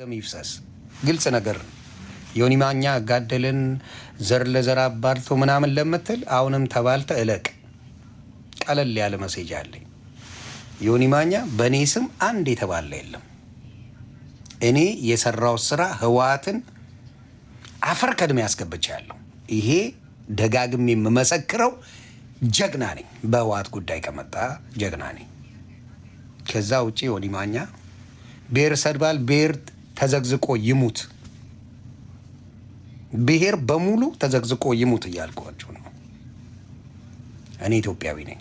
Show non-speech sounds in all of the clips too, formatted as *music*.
ደም ይፍሰስ፣ ግልጽ ነገር ዮኒ ማኛ ጋደልን ዘር ለዘር አባልቶ ምናምን ለምትል አሁንም ተባልተ እለቅ። ቀለል ያለ መሴጅ አለኝ። ዮኒ ማኛ በእኔ ስም አንድ የተባለ የለም። እኔ የሰራው ስራ ህወሓትን አፈር ከድሜ ያለው ይሄ ደጋግሜ የምመሰክረው ጀግና ነኝ። በህወሓት ጉዳይ ከመጣ ጀግና ነኝ። ከዛ ውጭ ዮኒ ማኛ ብሔር ሰድባል ብሔር ተዘግዝቆ ይሙት፣ ብሔር በሙሉ ተዘግዝቆ ይሙት እያልኳቸው ነው። እኔ ኢትዮጵያዊ ነኝ።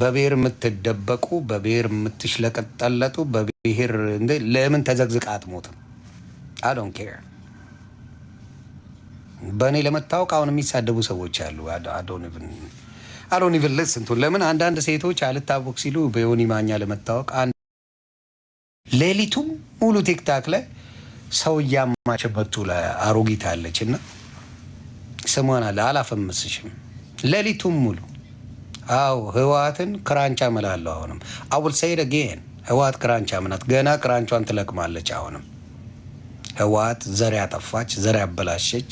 በብሔር የምትደበቁ፣ በብሔር የምትሽለቀጠለጡ፣ በብሔር ለምን ተዘግዝቃ አትሞትም? አዶን ዶንት ኬር። በእኔ ለመታወቅ አሁን የሚሳደቡ ሰዎች አሉ። አዶኒቭን አዶኒቭን ልስንቱ ለምን አንዳንድ ሴቶች አልታወቅ ሲሉ በዮኒ ማኛ ለመታወቅ ሌሊቱም ሙሉ ቲክታክ ላይ ሰው እያማቸ መጡ አሮጊት አለች እና ስሟን አለ አላፈመስሽም። ሌሊቱም ሙሉ አው ህወሓትን ክራንቻ እምላለሁ። አሁንም አውል ሰይድ ጌን ህወሓት ክራንቻ ምናት ገና ክራንቿን ትለቅማለች። አሁንም ህወሓት ዘር ያጠፋች፣ ዘር ያበላሸች፣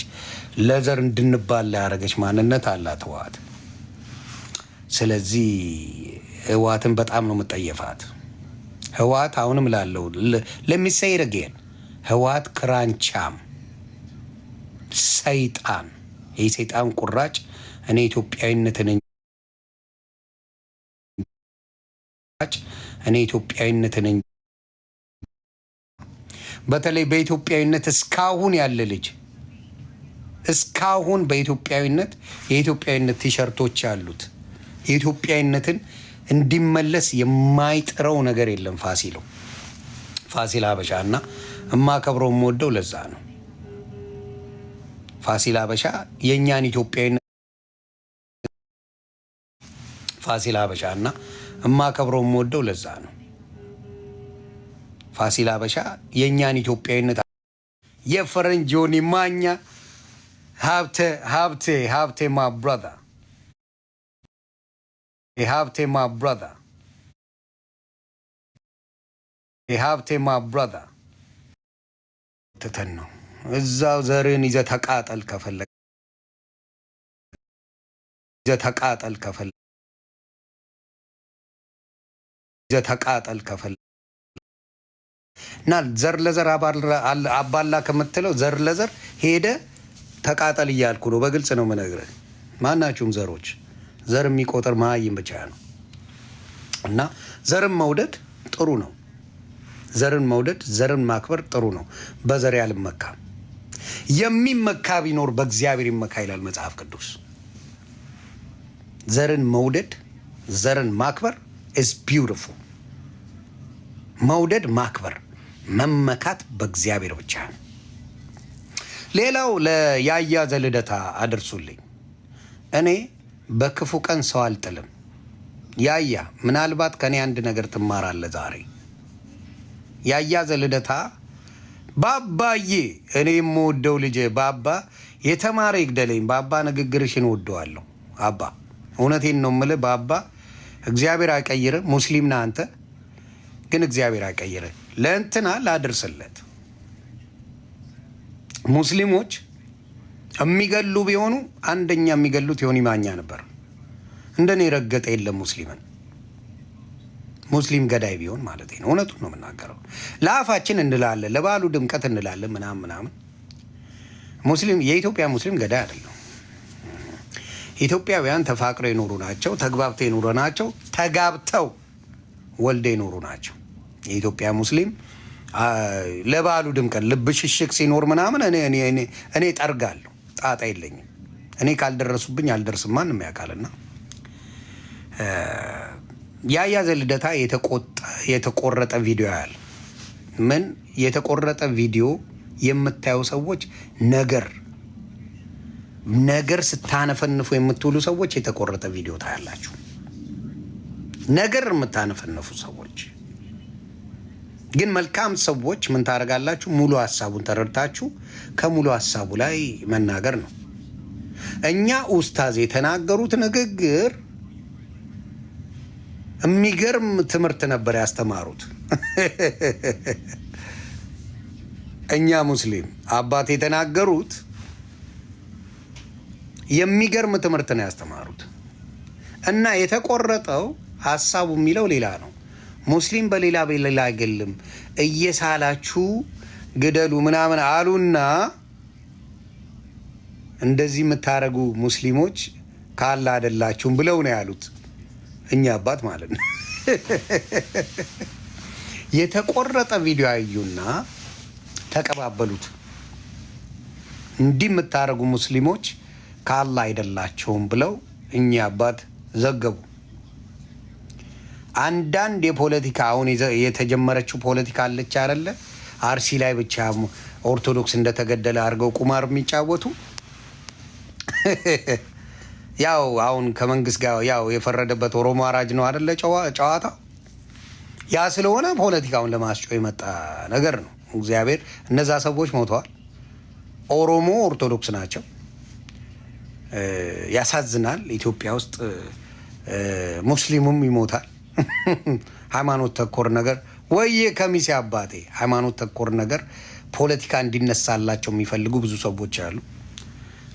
ለዘር እንድንባል ያደረገች ማንነት አላት ህወሓት። ስለዚህ ህወሓትን በጣም ነው የምጠየፋት። ህወሓት አሁንም ላለው ለሚሰይር ጌን ህወሓት ክራንቻም ሰይጣን የሰይጣን ቁራጭ እኔ ኢትዮጵያዊነትን እኔ ኢትዮጵያዊነትን በተለይ በኢትዮጵያዊነት እስካሁን ያለ ልጅ እስካሁን በኢትዮጵያዊነት የኢትዮጵያዊነት ቲሸርቶች ያሉት የኢትዮጵያዊነትን እንዲመለስ የማይጥረው ነገር የለም። ፋሲሉ ፋሲል አበሻ እና እማከብረው የምወደው ለዛ ነው። ፋሲል አበሻ የእኛን ኢትዮጵያዊ ፋሲል አበሻ እና እማከብረው የምወደው ለዛ ነው። ፋሲል አበሻ የእኛን ኢትዮጵያዊነት የፈረንጆኒ ማኛ ሀብቴ ሀብቴ ሀብቴ ማ ማብራዳ የሀብቴማ ብራዳ የሀብቴማ ብራዳ ትተን ነው እዛው ዘርን ይዘህ ተቃጠል ከፈለግ ይዘህ ተቃጠል ከፈለግ ይዘህ ተቃጠል ከፈለግ እና ዘር ለዘር አባላ ከምትለው ዘር ለዘር ሄደ ተቃጠል እያልኩ ነው። በግልጽ ነው የምነግርህ። ማናችሁም ዘሮች ዘር የሚቆጥር መሀይም ብቻ ነው። እና ዘርን መውደድ ጥሩ ነው። ዘርን መውደድ፣ ዘርን ማክበር ጥሩ ነው። በዘር ያልመካም የሚመካ ቢኖር በእግዚአብሔር ይመካ ይላል መጽሐፍ ቅዱስ። ዘርን መውደድ፣ ዘርን ማክበር ኢዝ ቢውቲፉ መውደድ፣ ማክበር፣ መመካት በእግዚአብሔር ብቻ ነው። ሌላው ለያያዘ ልደታ አድርሱልኝ እኔ በክፉ ቀን ሰው አልጥልም። ያያ ምናልባት ከኔ አንድ ነገር ትማራለህ ዛሬ። ያያ ዘልደታ ባባዬ፣ እኔ የምወደው ልጄ ባባ፣ የተማረ ይግደለኝ ባባ፣ ንግግርሽን ወደዋለሁ። አባ። እውነቴን ነው የምልህ ባባ፣ እግዚአብሔር አይቀይር። ሙስሊም ነህ አንተ፣ ግን እግዚአብሔር አይቀይር። ለእንትና ላድርስለት ሙስሊሞች የሚገሉ ቢሆኑ አንደኛ የሚገሉት ዮኒ ማኛ ነበር። እንደኔ ረገጠ የለም ሙስሊምን ሙስሊም ገዳይ ቢሆን ማለት ነው። እውነቱን ነው የምናገረው። ለአፋችን እንላለን፣ ለባሉ ድምቀት እንላለን ምናምን ምናምን። ሙስሊም የኢትዮጵያ ሙስሊም ገዳይ አይደለም። ኢትዮጵያውያን ተፋቅረው የኖሩ ናቸው። ተግባብተው የኖሩ ናቸው። ተጋብተው ወልደው የኖሩ ናቸው። የኢትዮጵያ ሙስሊም ለባሉ ድምቀት ልብ ሽሽቅ ሲኖር ምናምን እኔ እኔ እኔ ጠርጋለሁ ጣጣ የለኝም። እኔ ካልደረሱብኝ አልደርስም። ማንም ያውቃልና ያያዘ ልደታ የተቆረጠ ቪዲዮ ያል ምን የተቆረጠ ቪዲዮ የምታዩ ሰዎች ነገር ነገር ስታነፈንፉ የምትውሉ ሰዎች የተቆረጠ ቪዲዮ ታያላችሁ። ነገር የምታነፈንፉ ሰዎች ግን መልካም ሰዎች ምን ታደርጋላችሁ? ሙሉ ሀሳቡን ተረድታችሁ ከሙሉ ሀሳቡ ላይ መናገር ነው። እኛ ኡስታዝ የተናገሩት ንግግር የሚገርም ትምህርት ነበር ያስተማሩት። *laughs* እኛ ሙስሊም አባት የተናገሩት የሚገርም ትምህርት ነው ያስተማሩት እና የተቆረጠው ሀሳቡ የሚለው ሌላ ነው። ሙስሊም በሌላ በሌላ አይገልም እየሳላችሁ ግደሉ ምናምን አሉና እንደዚህ የምታደርጉ ሙስሊሞች ካለ አይደላችሁም ብለው ነው ያሉት። እኛ አባት ማለት ነው። *laughs* የተቆረጠ ቪዲዮ አዩና ተቀባበሉት። እንዲህ የምታደርጉ ሙስሊሞች ካለ አይደላቸውም ብለው እኛ አባት ዘገቡ። አንዳንድ የፖለቲካ አሁን የተጀመረችው ፖለቲካ አለች አይደለ? አርሲ ላይ ብቻ ኦርቶዶክስ እንደተገደለ አድርገው ቁማር የሚጫወቱ *laughs* ያው አሁን ከመንግስት ጋር ያው የፈረደበት ኦሮሞ አራጅ ነው አደለ ጨዋታ ያ ስለሆነ ፖለቲካውን ለማስጮ የመጣ ነገር ነው። እግዚአብሔር እነዛ ሰዎች ሞተዋል። ኦሮሞ ኦርቶዶክስ ናቸው። ያሳዝናል። ኢትዮጵያ ውስጥ ሙስሊሙም ይሞታል። ሃይማኖት ተኮር ነገር ወይ ከሚሴ አባቴ ሃይማኖት ተኮር ነገር ፖለቲካ እንዲነሳላቸው የሚፈልጉ ብዙ ሰዎች አሉ።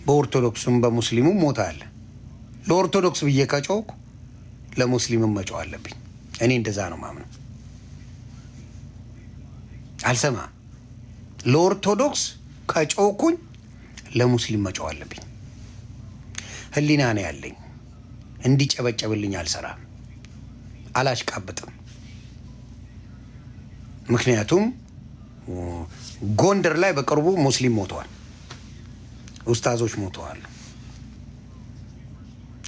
በኦርቶዶክሱም በሙስሊሙም ሞት አለ። ለኦርቶዶክስ ብዬ ከጮኩ ለሙስሊምም መጮ አለብኝ። እኔ እንደዛ ነው ማምነው። አልሰማም። ለኦርቶዶክስ ከጮኩኝ ለሙስሊም መጮ አለብኝ። ህሊና ነው ያለኝ። እንዲጨበጨብልኝ አልሰራም። አላሽቃብጥም። ምክንያቱም ጎንደር ላይ በቅርቡ ሙስሊም ሞተዋል፣ ኡስታዞች ሞተዋል።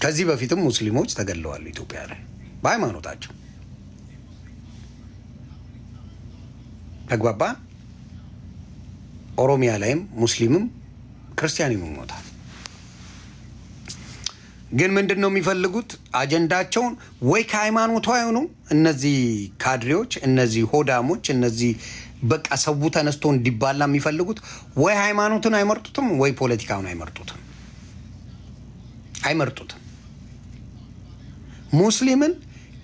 ከዚህ በፊትም ሙስሊሞች ተገድለዋል ኢትዮጵያ ላይ በሃይማኖታቸው። ተግባባ። ኦሮሚያ ላይም ሙስሊምም ክርስቲያንም ይሞታል። ግን ምንድን ነው የሚፈልጉት? አጀንዳቸውን ወይ ከሃይማኖቱ አይሆኑ እነዚህ ካድሬዎች፣ እነዚህ ሆዳሞች፣ እነዚህ በቃ ሰው ተነስቶ እንዲባላ የሚፈልጉት ወይ ሃይማኖትን አይመርጡትም፣ ወይ ፖለቲካውን አይመርጡትም አይመርጡትም። ሙስሊምን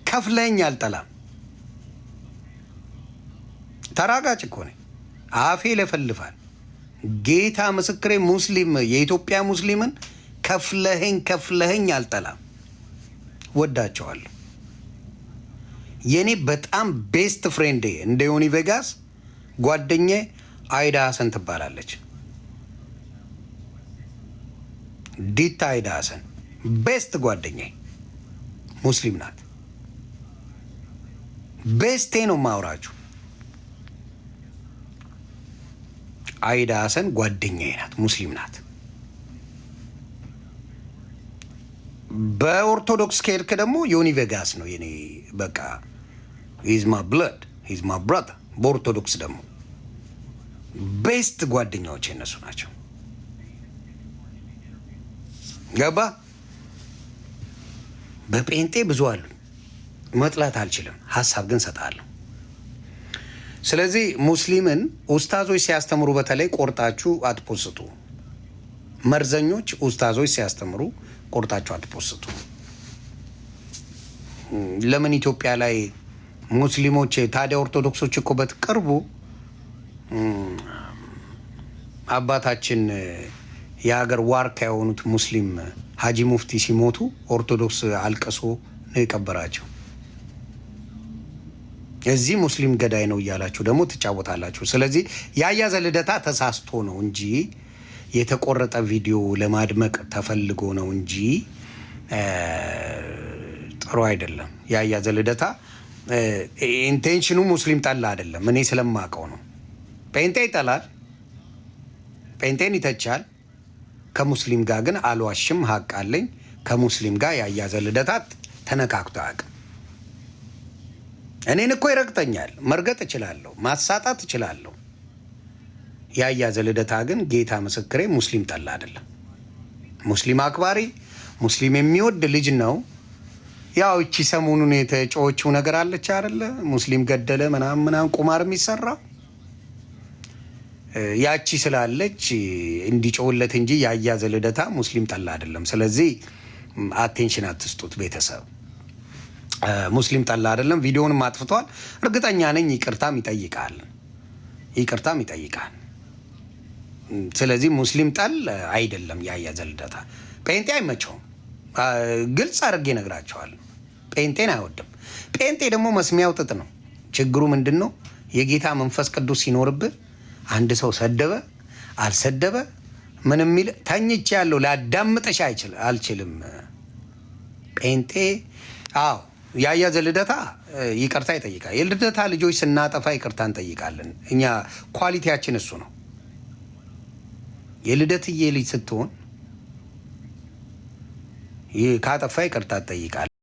ከፍለኝ አልጠላም። ተራጋጭ እኮ ነኝ፣ አፌ ለፈልፋል። ጌታ ምስክሬ ሙስሊም የኢትዮጵያ ሙስሊምን ከፍለህኝ ከፍለህኝ አልጠላም፣ ወዳቸዋለሁ። የእኔ በጣም ቤስት ፍሬንዴ እንደ ዮኒ ቬጋስ ጓደኜ አይዳ ሀሰን ትባላለች። ዲታ አይዳ ሀሰን ቤስት ጓደኛ ሙስሊም ናት። ቤስቴ ነው ማውራችሁ። አይዳ ሀሰን ጓደኛ ናት፣ ሙስሊም ናት። በኦርቶዶክስ ከሄድክ ደግሞ ዮኒ ቬጋስ ነው የኔ በቃ ሂዝ ማ ብለድ ሂዝ ማ ብራ በኦርቶዶክስ ደግሞ ቤስት ጓደኛዎች የነሱ ናቸው። ገባ በጴንጤ ብዙ አሉ። መጥላት አልችልም፣ ሀሳብ ግን ሰጣለሁ። ስለዚህ ሙስሊምን ኡስታዞች ሲያስተምሩ በተለይ ቆርጣችሁ አትፖስጡ። መርዘኞች ኡስታዞች ሲያስተምሩ ቆርጣችሁ አትፖስቱ። ለምን ኢትዮጵያ ላይ ሙስሊሞች ታዲያ ኦርቶዶክሶች እኮ በቅርቡ አባታችን የሀገር ዋርካ የሆኑት ሙስሊም ሀጂ ሙፍቲ ሲሞቱ ኦርቶዶክስ አልቀሶ ነው የቀበራቸው። እዚህ ሙስሊም ገዳይ ነው እያላችሁ ደግሞ ትጫወታላችሁ። ስለዚህ ያያዘ ልደታ ተሳስቶ ነው እንጂ የተቆረጠ ቪዲዮ ለማድመቅ ተፈልጎ ነው እንጂ ጥሩ አይደለም። ያያዘ ልደታ ኢንቴንሽኑ ሙስሊም ጠላ አይደለም። እኔ ስለማውቀው ነው። ጴንጤ ይጠላል፣ ጴንጤን ይተቻል። ከሙስሊም ጋር ግን አልዋሽም፣ ሀቅ አለኝ። ከሙስሊም ጋር ያያዘ ልደታ ተነካክቶ አያውቅም። እኔን እኮ ይረግጠኛል። መርገጥ እችላለሁ፣ ማሳጣት እችላለሁ። ያያዘ ልደታ ግን ጌታ ምስክሬ ሙስሊም ጠላ አይደለም። ሙስሊም አክባሪ፣ ሙስሊም የሚወድ ልጅ ነው። ያው እቺ ሰሞኑን የተጮኸችው ነገር አለች አይደለ? ሙስሊም ገደለ ምናምን ምናምን ቁማር የሚሰራ ያቺ ስላለች እንዲጮውለት እንጂ ያያዘ ልደታ ሙስሊም ጠላ አይደለም። ስለዚህ አቴንሽን አትስጡት ቤተሰብ። ሙስሊም ጠላ አይደለም። ቪዲዮንም አጥፍቷል። እርግጠኛ ነኝ ይቅርታም ይጠይቃል ይቅርታም ይጠይቃል። ስለዚህ ሙስሊም ጠል አይደለም ያያ ልደታ። ጴንጤ አይመቸውም። ግልጽ አድርጌ ነግራቸዋል። ጴንጤን አይወድም። ጴንጤ ደግሞ መስሚያው ጥጥ ነው። ችግሩ ምንድን ነው? የጌታ መንፈስ ቅዱስ ሲኖርብህ አንድ ሰው ሰደበ አልሰደበ ምን የሚል ተኝቼ ያለው ላዳምጥሽ አልችልም። ጴንጤ አዎ ያያ ዘልደታ ይቅርታ ይጠይቃል። የልደታ ልጆች ስናጠፋ ይቅርታ እንጠይቃለን። እኛ ኳሊቲያችን እሱ ነው። የልደትዬ ልጅ ስትሆን ካጠፋ ይቅርታ ትጠይቃለህ።